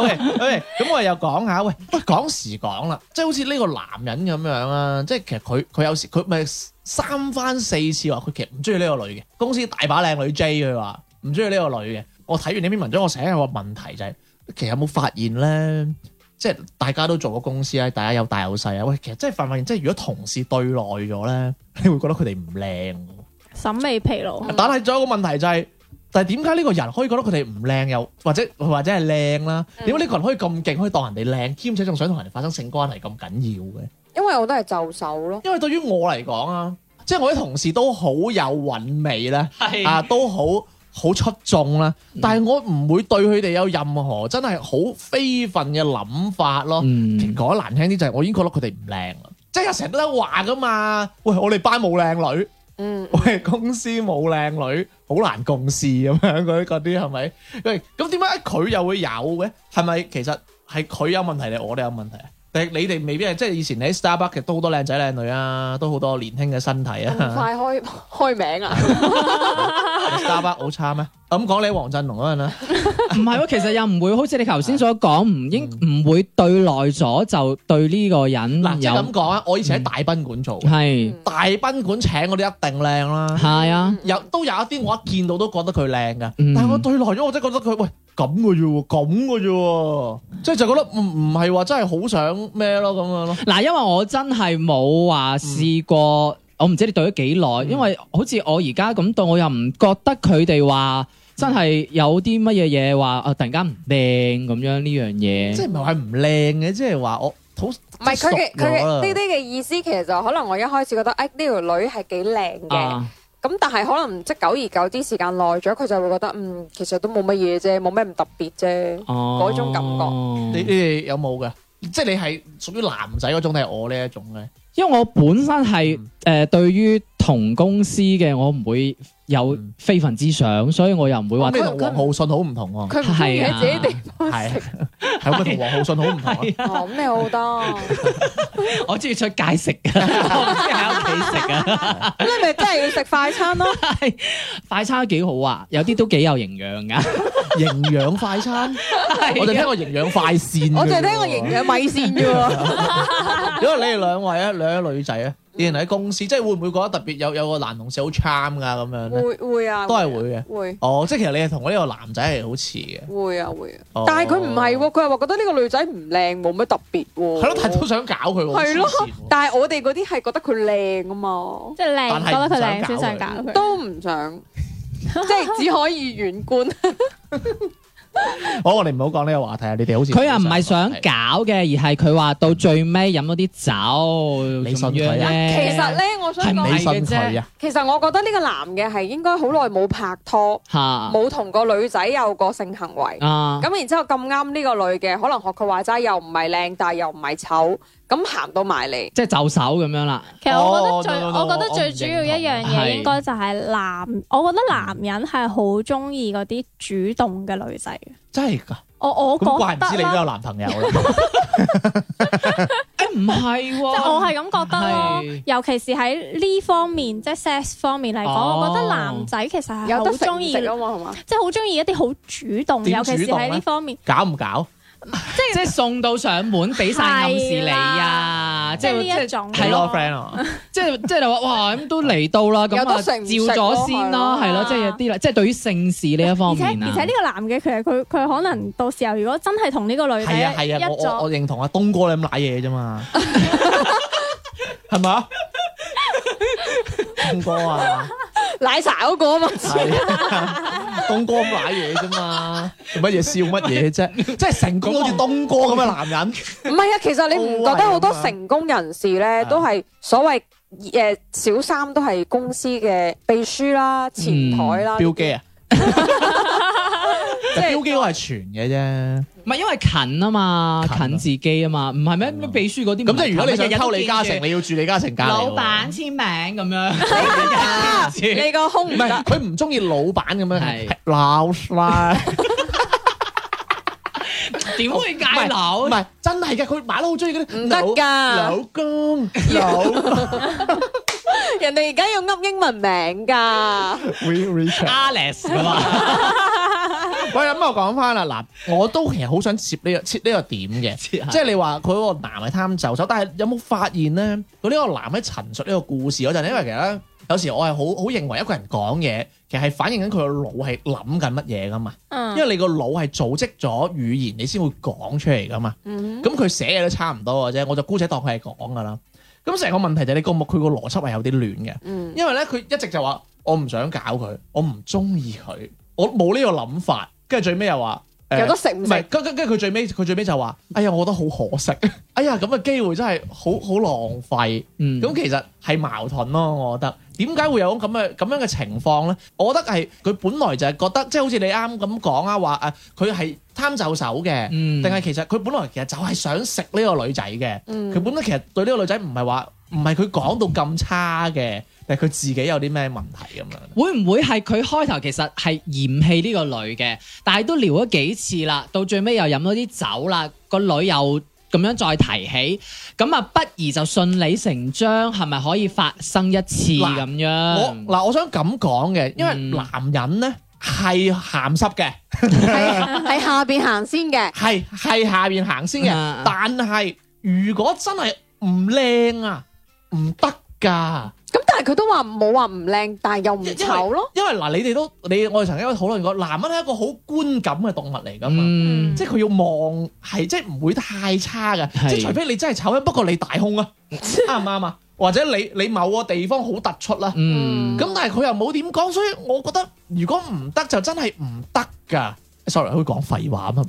？OK OK，咁我哋又講下，喂，講時講啦，即係好似呢個男人咁樣啊，即係其實佢佢有時佢咪。三番四次話佢其實唔中意呢個女嘅，公司大把靚女 J 佢話唔中意呢個女嘅。我睇完呢篇文章，我成日有個問題就係，其實有冇發現咧，即係大家都做個公司咧，大家有大有細啊。喂，其實真係發唔發現，即係如果同事對耐咗咧，你會覺得佢哋唔靚。審美疲勞。但係仲有一個問題就係，但係點解呢個人可以覺得佢哋唔靚又或者或者係靚啦？點解呢個人可以咁勁可以當人哋靚，兼且仲想同人哋發生性關係咁緊要嘅？因為我都係就手咯。因為對於我嚟講啊，即係我啲同事都好有韻味咧，是啊，都好好出眾啦。但係我唔會對佢哋有任何真係好非分嘅諗法咯。講得難聽啲就係，我已經覺得佢哋唔靚啦。即係成日都喺度話噶嘛，喂，我哋班冇靚女，嗯，喂，公司冇靚女，好難共事咁樣嗰啲嗰啲，係咪？喂，咁點解佢又會有嘅？係咪其實係佢有問題定我哋有問題啊？你哋未必係，即係以前喺 Starbucks 都好多靚仔靚女啊，都好多年輕嘅身體啊。會會快開開名啊 ！Starbucks 好差咩？咁講你黃振龍嗰陣啦，唔係喎，其實又唔會 好似你頭先所講，唔應唔、嗯、會對耐咗就對呢個人。嗱、啊，即咁講啊，我以前喺大賓館做，係、嗯、大賓館請我都一定靚啦。係啊、嗯，有都有，有一啲我一見到都覺得佢靚嘅，嗯、但係我對耐咗我真係覺得佢喂。咁嘅啫，咁嘅啫，即係就覺得唔唔係話真係好想咩咯，咁樣咯。嗱，因為我真係冇話試過，我唔知你對咗幾耐，因為好似我而家咁對，我又唔覺得佢哋話真係有啲乜嘢嘢話啊突然間唔靚咁樣呢樣嘢。即係唔係話唔靚嘅，即係話我好唔係佢嘅佢嘅呢啲嘅意思，其實就可能我一開始覺得哎呢條女係幾靚嘅。咁但係可能即係久而久之，時間耐咗，佢就會覺得嗯，其實都冇乜嘢啫，冇咩唔特別啫嗰種感覺。你你有冇㗎？即係你係屬於男仔嗰種定係我呢一種咧？因為我本身係誒，對於同公司嘅我唔會。有非分之想，所以我又唔會話。嗯、你同王浩信好唔同喎。佢唔喺自己地方食，係咁同王浩信好唔同啊。哦，咁、啊啊、你好多、啊 我。我中意出街食噶，我唔中意喺屋企食啊。咁你咪真係要食快餐咯？快餐都幾好啊，有啲都幾有營養噶。營 養快餐， 我就聽過營養快綫、啊。 我就聽過營養米綫啫。如 果你哋兩位咧，兩位女仔咧。啲人喺公司，即係會唔會覺得特別有有個男同事好 charm 噶咁樣咧？會會啊，都係會嘅。會哦、啊，oh, 即係其實你係同我呢個男仔係好似嘅。會啊會、oh, 啊，但係佢唔係喎，佢係話覺得呢個女仔唔靚，冇乜特別喎、啊。係咯，啊、但係都想搞佢。係咯，但係我哋嗰啲係覺得佢靚啊嘛，即係靚，覺得佢靚，都想搞佢，都唔想， 即係只可以遠觀。 好、 哦，我哋唔好講呢個話題啊！你哋好似佢又唔係想搞嘅，而係佢話到最尾飲咗啲酒。你信佢啊？其實咧，我想講係你信佢、啊、其實我覺得呢個男嘅係應該好耐冇拍拖，吓冇同個女仔有過性行為啊。咁然之後咁啱呢個女嘅，可能學佢話齋，又唔係靚，但係又唔係醜。咁行到埋嚟，即係就手咁樣啦。其實我覺得最，我覺得最主要一樣嘢，應該就係男，我覺得男人係好中意嗰啲主動嘅女仔。真係噶？我我覺得怪唔知你都有男朋友啦。誒，唔係，我係咁覺得咯。尤其是喺呢方面，即係 sex 方面嚟講，我覺得男仔其實係有得中意，即係好中意一啲好主動，尤其是喺呢方面搞唔搞？即係送到上門，俾晒暗示你啊！即係即係，係咯，friend 即係即係，就話哇咁都嚟到啦，咁啊照咗先啦，係咯，即係有啲啦，即係對於性事呢一方面，而且呢個男嘅，其實佢佢可能到時候如果真係同呢個女仔，係啊係啊，我我認同啊，東哥你咁瀨嘢啫嘛，係咪啊，東哥啊！奶茶嗰個啊嘛，東哥買嘢啫嘛，做乜嘢笑乜嘢啫，即係成功好似東哥咁嘅男人。唔係啊，其實你唔覺得好多成功人士咧，都係所謂誒小三都係公司嘅秘書啦、前台啦。標機啊！即係標記我係全嘅啫，唔係因為近啊嘛，近自己啊嘛，唔係咩秘書嗰啲。咁即係如果你想溝李嘉誠，你要住李嘉誠家。老闆簽名咁樣，你個空唔係佢唔中意老闆咁樣，係老闆。點會介老？唔係真係嘅，佢馬得好中意嗰啲。唔得㗎，老公，有人哋而家要噏英文名㗎，We Richard Alice 喂，咁我講翻啦，嗱，我都其實好想切呢、切呢個點嘅， 即係你話佢個男係貪就手，但係有冇發現咧？佢、呢、呢個男喺陳述呢個故事嗰陣，因為其實呢有時我係好好認為一個人講嘢，其實係反映緊佢個腦係諗緊乜嘢噶嘛。因為你個腦係組織咗語言，你先會講出嚟噶嘛。嗯哼。咁佢寫嘢都差唔多嘅啫，我就姑且當佢係講噶啦。咁成個問題就係你個腦，佢個邏輯係有啲亂嘅。嗯、因為咧，佢一直就話我唔想搞佢，我唔中意佢，我冇呢個諗法。跟住最尾又話，呃、有都食唔，唔係跟跟跟佢最尾佢最尾就話，哎呀，我覺得好可惜，哎呀，咁嘅機會真係好好浪費，咁、嗯、其實係矛盾咯，我覺得。點解會有咁嘅咁樣嘅情況咧？我覺得係佢本來就係覺得，即係好似你啱啱咁講啊，話誒，佢係貪就手嘅，定係、嗯、其實佢本來其實就係想食呢個女仔嘅，佢、嗯、本來其實對呢個女仔唔係話唔係佢講到咁差嘅。嗯但佢自己有啲咩問題咁樣？會唔會係佢開頭其實係嫌棄呢個女嘅？但係都聊咗幾次啦，到最尾又飲咗啲酒啦，個女又咁樣再提起，咁啊，不如就順理成章係咪可以發生一次咁樣？我嗱，我想咁講嘅，因為、嗯、男人咧係鹹濕嘅，喺 下邊行先嘅，係係下邊行先嘅，但係如果真係唔靚啊，唔得噶。但係佢都話冇話唔靚，但係又唔醜咯。因為嗱，你哋都你我哋曾經有討論過，男人係一個好觀感嘅動物嚟噶嘛，嗯、即係佢要望係即係唔會太差噶，是即係除非你真係醜啊，不過你大胸啊，啱唔啱啊？或者你你某個地方好突出啦，啊，咁、嗯、但係佢又冇點講，所以我覺得如果唔得就真係唔得噶。Sorry，佢講廢話咁啊！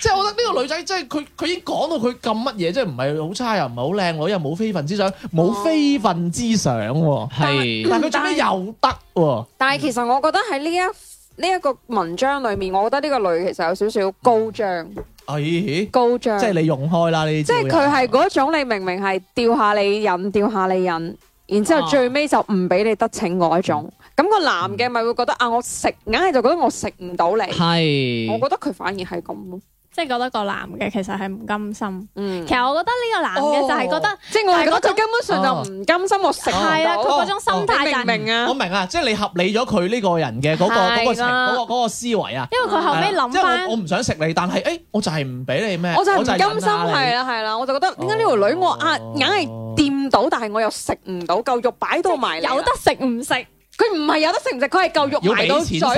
即係 我覺得呢個女仔，即係佢佢已經講到佢咁乜嘢，即係唔係好差又唔係好靚，我又冇非分之想，冇、哦、非分之想喎。但係佢做咩又得，但係其實我覺得喺呢一呢一、嗯、個文章裏面，我覺得呢個女其實有少少高張。哎、喲高張，即係你用開啦呢？即係佢係嗰種你明明係吊下你引，吊下你引，然之後最尾就唔俾你得逞我。一種。啊嗯咁個男嘅咪會覺得啊，我食硬係就覺得我食唔到你。係，我覺得佢反而係咁，即係覺得個男嘅其實係唔甘心。嗯，其實我覺得呢個男嘅就係覺得，即係我係嗰種根本上就唔甘心我食。係啦，佢嗰種心態，我明啊，我明啊，即係你合理咗佢呢個人嘅嗰個嗰個嗰個思維啊。因為佢後尾諗翻，即係我唔想食你，但係誒，我就係唔俾你咩，我就係唔甘心。係啦係啦，我就覺得點解呢條女我啊硬係掂到，但係我又食唔到，嚿肉擺到埋，有得食唔食？佢唔係有得食唔食，佢係嚿肉埋到嘴，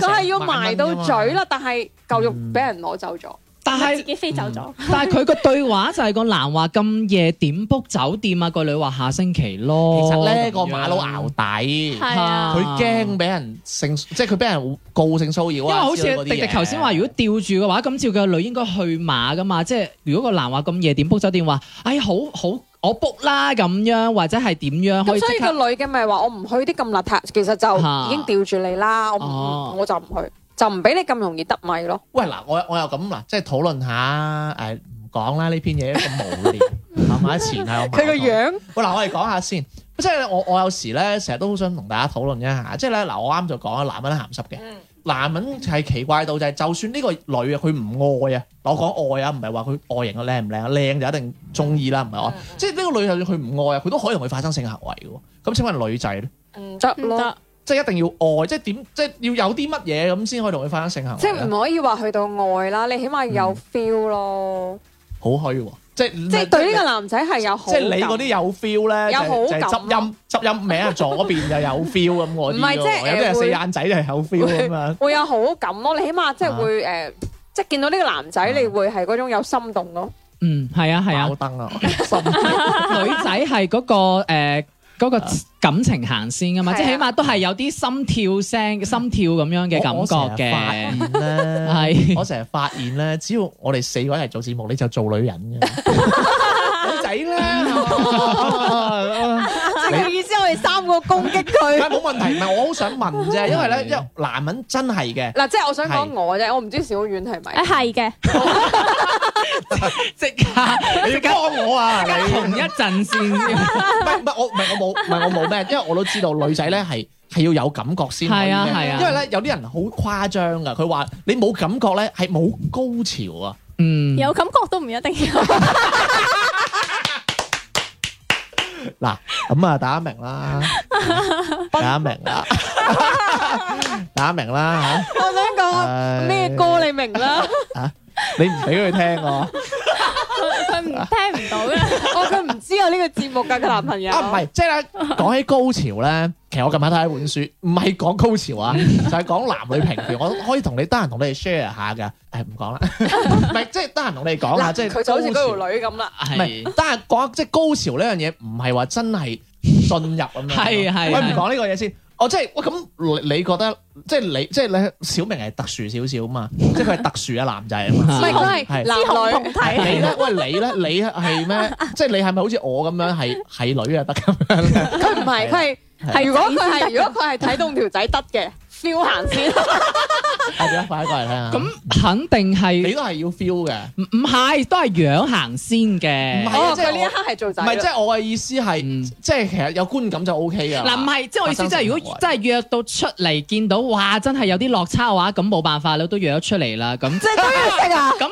佢係要埋到嘴啦。但係嚿肉俾人攞走咗，但是自己飛走咗。嗯、 但係佢個對話就係個男話咁夜點 book 酒店啊，個女話下星期咯。其實咧個馬騮熬底係啊，佢驚俾人性，即係佢俾人告性騷擾啊。因為好似迪迪頭先話，如果吊住嘅話，咁照個女應該去馬噶嘛。即係如果個男話咁夜點 book 酒店話，哎好好。好好好我 book 啦咁樣，或者係點樣？咁所以個女嘅咪話我唔去啲咁邋遢，其實就已經吊住你啦。我,、哦、我就唔去，就唔俾你咁容易得米咯。喂嗱，我我又咁嗱，即係討論下誒，唔講啦呢篇嘢，一個無聊，行埋前啊，佢個樣。好嗱，我哋講下先，即係我我有時咧成日都好想同大家討論一下，即係咧嗱，我啱就講啦，男人咸濕嘅。嗯男人係奇怪到就係，就係、就算呢個女啊，佢唔愛、愛啊，我講愛啊，唔係話佢外形啊靚唔靚啊，靚就一定中意啦，唔係話，即係呢個女就算佢唔愛啊，佢都可以同佢發生性行為嘅喎。咁請問女仔咧？嗯，得咯是，即係、嗯、一定要愛，即係點，即係要有啲乜嘢咁先可以同佢發生性行為。即係唔可以話去到愛啦，你起碼要有 feel 咯。好、嗯、虛喎、喔。即係，即係對呢個男仔係有好感，即係你嗰啲有 feel 咧，有好感，就係執音執音名啊，左邊就有 feel，咁我啲，有啲係四眼仔係有 feel 咁樣，會有好感咯。你起碼即係會誒，即係見到呢個男仔，你會係嗰種有心動咯。嗯，係啊係啊，扭凳啊，心動。女仔係嗰個誒。嗰個感情行先啊嘛，uh, 即係起碼都係有啲心跳聲、uh, 心跳咁樣嘅感覺嘅。我我成日發現咧，係 是我成日發現咧，只要我哋四個人嚟做節目，你就做女人嘅仔啦。 係三個攻擊佢。係冇問題，唔係我好想問啫，因為咧，男人真係嘅。嗱，即係我想講我啫，我唔知小婉係咪？啊，係嘅。即刻，你幫我啊！你同一陣先。不不，我唔係我冇，唔係我冇咩，因為我都知道女仔咧係係要有感覺先。係啊係啊，因為咧有啲人好誇張㗎，佢話你冇感覺咧係冇高潮啊。嗯，有感覺都唔一定有。嗱，咁啊、嗯，打明啦， 打明啦，啊、 打明啦吓！啊、我想講咩、哎、歌你明啦。啊。你唔俾佢聽，佢唔聽唔到嘅。哦，我佢唔知我呢個節目噶，佢男朋友啊唔係，即係咧講起高潮咧，其實我近排睇一本書，唔係講高潮啊， 就係講男女平等，我可以同你得閒同你哋 share 下嘅，誒唔講啦，係即係得閒同你哋講下，即係佢就好似嗰條女咁啦，唔係得閒講即係高潮呢樣嘢是，唔係話真係進入咁樣，係係， 我唔講呢個嘢先。哦，即係，喂，咁你你覺得，即係你，即係你，小明係特殊少少啊嘛，即係佢係特殊嘅男仔啊嘛，係，男女同體，你咧，喂，你咧，你係咩？即係你係咪好似我咁樣係係女啊得咁樣？佢唔係，佢係，係如果佢係，如果佢係睇到條仔得嘅。feel 行先，大家快啲過嚟聽下。咁肯定係，你都係要 feel 嘅。唔唔係，都係樣行先嘅。唔係，即係呢一刻係做仔唔係，即係我嘅意思係，即係其實有觀感就 O K 嘅。嗱，唔係，即係我意思，即係如果真係約到出嚟，見到，哇，真係有啲落差嘅話，咁冇辦法啦，都約咗出嚟啦，咁。即係都要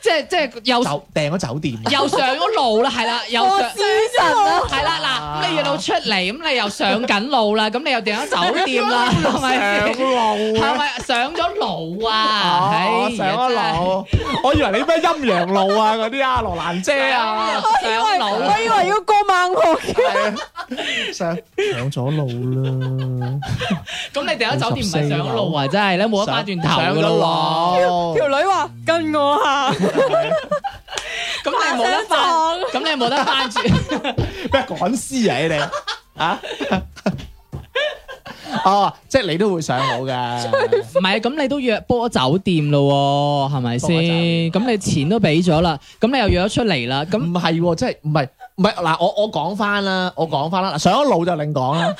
即係即係又訂咗酒店，又上咗路啦，係啦，又上，係啦嗱，咁你完到出嚟，咁你又上緊路啦，咁你又訂咗酒店啦，係咪上路？係咪上咗路啊？我上咗路，我以為你咩陰陽路啊嗰啲啊，羅蘭姐啊，我以為我以為要過萬步，上上咗路啦。咁你訂咗酒店唔係上咗路啊？真係咧，冇得返轉頭。上咗路，條女話跟我行。咁你冇得放，咁你冇得翻住，咩講師啊你？啊？哦，即係你都會上腦嘅，唔係啊？咁你都約波酒店咯，係咪先？咁你錢都俾咗啦，咁你又約咗出嚟啦，咁唔係？即係唔係？唔係嗱，我我講翻啦，我講翻啦，上咗路就另講啦，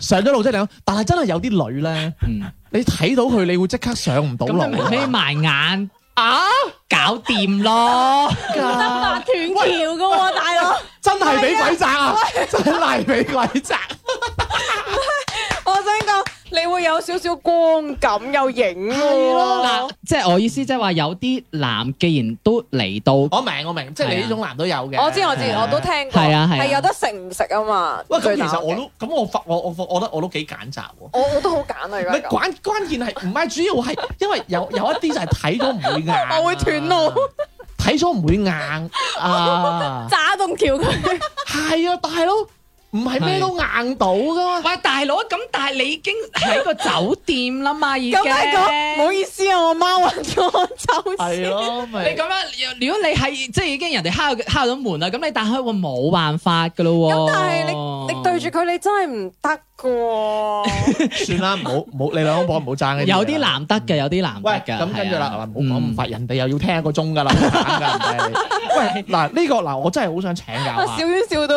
上咗路即係另講，但係真係有啲女咧，嗯，你睇到佢你會即刻上唔到咯，眯埋眼。啊！搞掂咯，唔得噶，斷橋噶喎，大佬，真係俾鬼砸啊，真係俾鬼砸，我想講。你會有少少光感，又影係咯，即係我意思，即係話有啲男既然都嚟到，我明我明，即係你呢種男都有嘅。我知我知，我都聽過係啊係，係有得食唔食啊嘛。喂，咁其實我都咁，我發我我我覺得我都幾揀擇喎。我我都好揀啊，如果關關鍵係唔係主要係因為有有一啲就係睇咗唔會硬，我會斷路，睇咗唔會硬啊，砸棟橋佢係啊，大佬。唔係咩都硬到噶、啊，喂大佬咁，但係你已經喺個酒店啦嘛，已經， 唔好意思啊，我媽揾咗我店。係咯，啊、你咁樣，如果你係即係已經人哋敲敲到門啦，咁你打開會冇辦法噶咯、啊。咁但係你你對住佢，你真係唔得。算啦，唔好唔好，你兩公婆唔好爭，有啲難得嘅，有啲難得嘅。咁跟住啦，唔好講咁快，人哋又要聽一個鐘噶啦，係咪？喂，嗱呢個嗱，我真係好想請教。笑笑到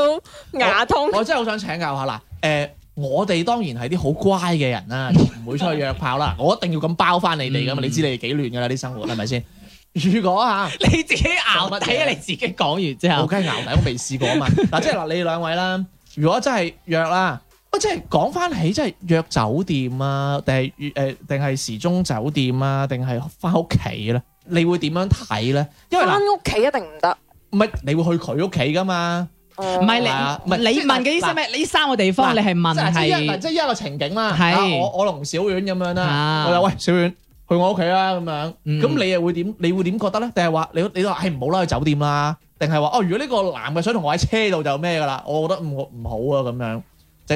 牙痛，我真係好想請教下嗱。誒，我哋當然係啲好乖嘅人啦，唔會出去約炮啦。我一定要咁包翻你哋噶嘛，你知你哋幾亂噶啦？啲生活係咪先？如果啊，你自己熬睇下你自己講完之後，梗係熬，我未試過啊嘛。嗱，即係嗱，你兩位啦，如果真係約啦。我即係講翻起，即係約酒店啊，定係誒，定係時鐘酒店啊，定係翻屋企咧？你會點樣睇咧？因為翻屋企一定唔得。唔係，你會去佢屋企噶嘛？唔係你，你問嘅意思咩？你三個地方你係問即係一個情景啦。係我我同小遠咁樣啦。我話喂，小遠去我屋企啦咁樣。咁你又會點？你會點覺得咧？定係話你你都話誒唔好啦，去酒店啦？定係話哦？如果呢個男嘅想同我喺車度就咩噶啦？我覺得唔唔好啊咁樣。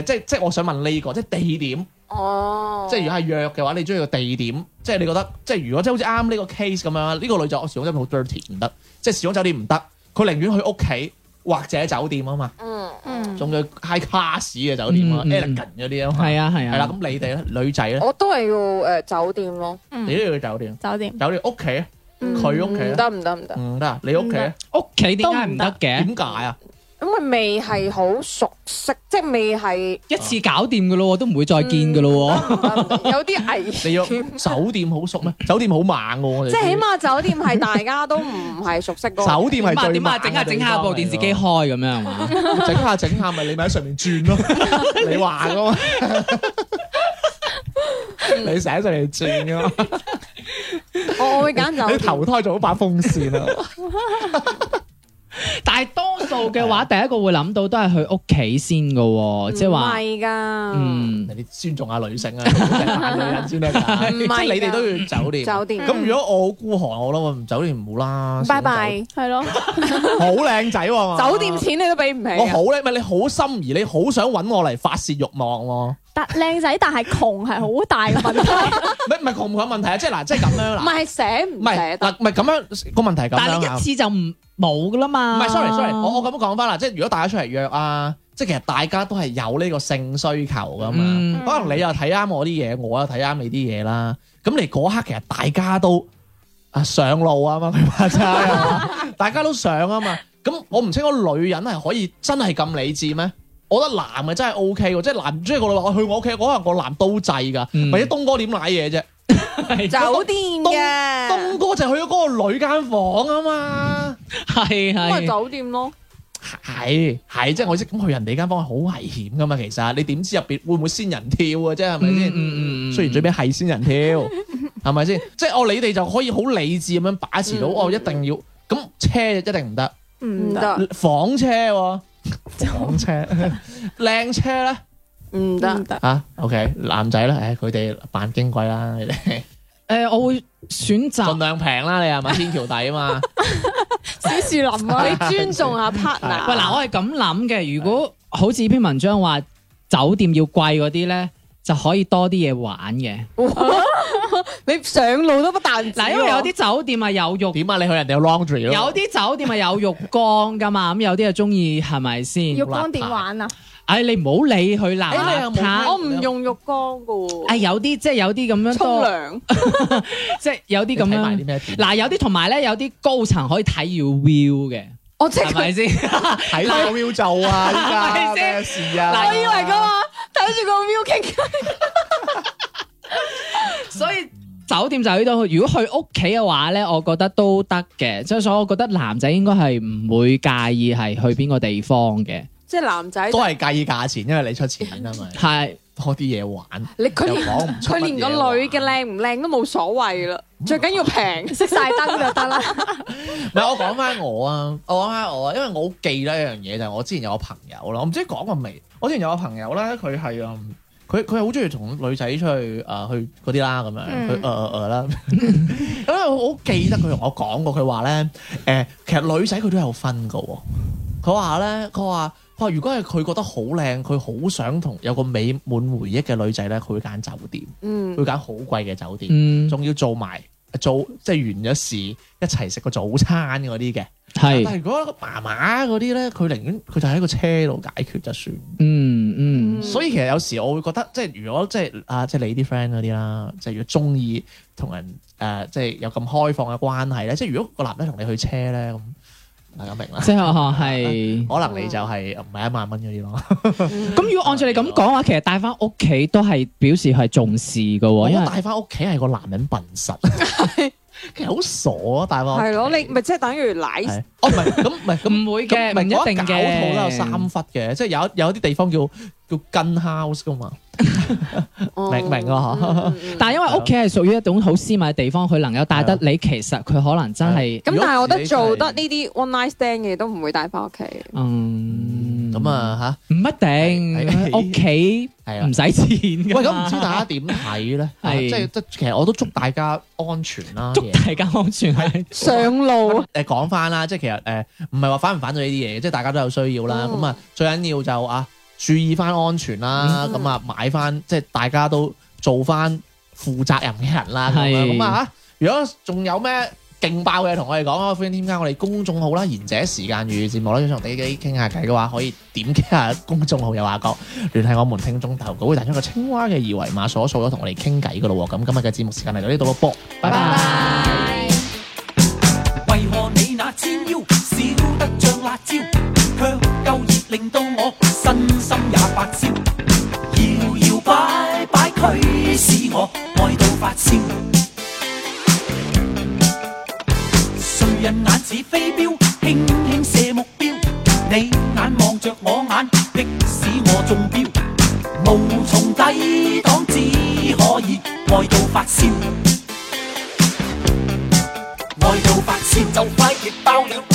即係即係，我想問呢個，即係地點。哦，即係如果係約嘅話，你中意個地點？即係你覺得，即係如果即係好似啱呢個 case 咁樣，呢個女仔我始終都好 dirty 唔得，即係始終酒店唔得。佢寧願去屋企或者酒店啊嘛。嗯嗯。仲要 high class 嘅酒店啊，elegant 嗰啲咯。係啊係啊。係啦，咁你哋咧？女仔咧？我都係要誒酒店咯。你都要去酒店？酒店。酒店屋企？佢屋企？唔得唔得唔得，唔得你屋企屋企，點解唔得嘅？點解啊？咁啊，因為未係好熟悉，嗯、即係未係一次搞掂嘅咯，都唔會再見嘅咯、嗯嗯嗯，有啲危險。你要酒店好熟咩？ 酒店好猛嘅、啊，即係起碼酒店係大家都唔係熟悉。酒店係最猛。點啊？整下整下部電視機開咁樣，整下整下咪你咪喺上面轉咯、啊。 你話噶 你成日喺上面轉噶我我會揀酒店你投胎做一把風扇啊？ 但係多數嘅話，第一個會諗到都係去屋企先噶即係話。唔係噶，嗯，你尊重下女性啊，唔係 你哋都要酒店。酒店，嗯。咁如果我好孤寒，我咯，酒店唔好啦。拜拜，係咯 啊，好靚仔，酒店錢你都俾唔起，啊。我好咧，唔係你好心儀，你好想揾我嚟發洩欲望，啊。但靚仔，但係窮係好大嘅問題。唔係唔係窮係問題啊，即係嗱，即係咁樣嗱。唔係寫唔唔係嗱，唔係咁樣個問題咁樣，但係你一次就唔冇噶啦嘛。唔係，sorry，sorry，我我咁樣講翻啦，即係如果大家出嚟約啊，即係、嗯、其實大家都係有呢個性需求噶嘛。可能你又睇啱我啲嘢，我又睇啱你啲嘢啦。咁你嗰刻，其實大家都啊上路啊嘛，大家都上啊嘛。咁我唔清楚女人係可以真係咁理智咩？我覺得男嘅真係 O K，即係男唔中意個女話去我屋企，可能個男都制噶，或者東哥點瀨嘢啫，酒店嘅東哥就去咗嗰個女間房啊嘛，係係咁酒店咯，係係即係我意識咁去人哋間房係好危險噶嘛，其實你點知入邊會唔會仙人跳啊？真係咪先？嗯嗯雖然最尾係仙人跳，係咪先？即係哦，你哋就可以好理智咁樣把持到哦，一定要咁車一定唔得，唔得，房車喎。講廣車靚 車咧唔得唔得啊，OK 男仔啦，誒佢哋扮矜貴啦，你哋誒我會選擇盡量平啦，你係咪天橋底啊嘛？ 小樹林啊， 你尊重阿、啊、 partner 喂嗱、呃，我係咁諗嘅，如果好似篇文章話酒店要貴嗰啲咧，就可以多啲嘢玩嘅。 你上路都不彈嗱，因為有啲酒店係有浴點啊，你去人哋有 laundry 咯。有啲酒店係有浴缸噶嘛，咁有啲啊中意係咪先？浴缸點玩啊？哎，你唔好理佢啦。我唔用浴缸噶。哎，有啲即係有啲咁樣沖涼，即係有啲咁樣。睇埋啲咩？嗱，有啲同埋咧，有啲高層可以睇住 view 嘅。我即係咪先睇住個 view 就啊？咩事啊？我以為噶嘛，睇住個 view 傾偈。所以。酒店就喺度。如果去屋企嘅話咧，我覺得都得嘅。即係所以我覺得男仔應該係唔會介意係去邊個地方嘅。即係男仔，就是，都係介意價錢，因為你出錢啊嘛。係 多啲嘢玩。你佢佢連個女嘅靚唔靚都冇所謂啦，最緊要平，熄晒燈就得啦。唔係我講翻我啊，我講翻我啊，因為我好記得一樣嘢就係，是，我之前有個朋友啦，我唔知講過未？我之前有個朋友咧，佢係啊。佢佢好中意同女仔出去啊、呃，去嗰啲啦咁樣，去誒、呃、誒、呃呃、啦。 因為我好記得佢同我講過，佢話咧誒，其實女仔佢都有分噶。佢話咧，佢話佢話，如果係佢覺得好靚，佢好想同有個美滿回憶嘅女仔咧，佢會揀酒店，嗯、會揀好貴嘅酒店，仲、嗯、要做埋。做即係完咗事，一齊食個早餐嗰啲嘅，係是。但係如果個麻麻嗰啲咧，佢寧願佢就喺個車度解決就算。嗯嗯。嗯，所以其實有時我會覺得，即係如果即係啊，即係你啲 friend 嗰啲啦，即係如果中意同人誒、啊，即係有咁開放嘅關係咧，即係如果個男仔同你去車咧。大家明啦，即係係可能你就係唔係一萬蚊嗰啲咯。咁如果按照你咁講嘅話，其實帶翻屋企都係表示係重視噶喎，因為帶翻屋企係個男人笨實，其實好傻啊，大鑊係咯，你咪即係等於奶哦，唔係咁唔係唔會嘅，唔一定嘅，九套都有三忽嘅，即係有有一啲地方叫叫跟 house 噶嘛。明明哦，但係因為屋企係屬於一種好私密嘅地方，佢能夠帶得你，其實佢可能真係。咁但係我覺得做得呢啲 one night stand 嘅都唔會帶翻屋企。嗯，咁啊吓，唔一定。屋企係唔使錢。喂，咁唔知大家點睇咧？係即係，其實我都祝大家安全啦，祝大家安全喺上路。誒，講翻啦，即係其實誒，唔係話反唔反對呢啲嘢，即係大家都有需要啦。咁啊，最緊要就啊。注意翻安全啦，咁啊、嗯、買翻即係大家都做翻負責任嘅人啦。咁是樣咁啊吓，如果仲有咩勁爆嘅嘢同我哋講啊，歡迎添加我哋公眾號啦，賢者時間與節目啦，想同你哋傾下偈嘅話，可以點擊下公眾號右下角，聯繫我們聽眾投稿，會彈出個青蛙嘅二維碼掃一掃，同我哋傾偈噶咯。咁今日嘅節目時間嚟到呢度啦，噃，拜拜。令到我身心也發燒，搖搖擺擺驅使我愛到發燒。誰人眼似飛鏢，輕輕射目標。你眼望着我眼，逼使我中標。無從抵擋，只可以愛到發燒。愛到發燒 就快熱爆了。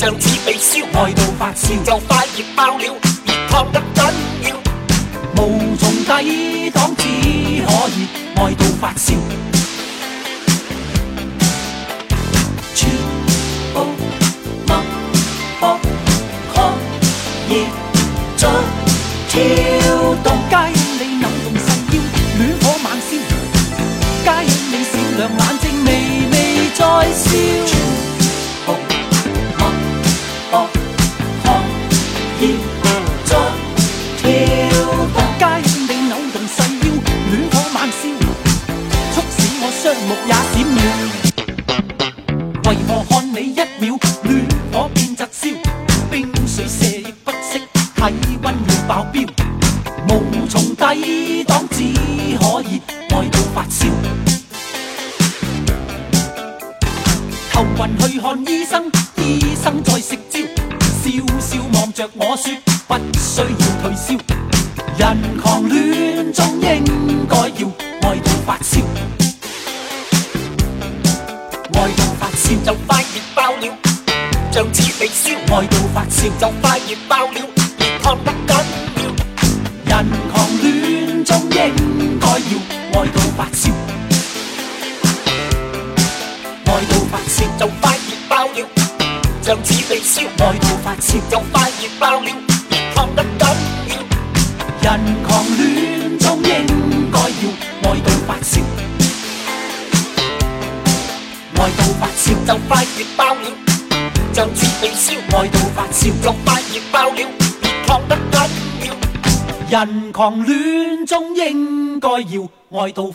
像似被燒，愛到發燒就快熱爆了，熱燙得緊要，無從抵擋，只可以愛到發燒。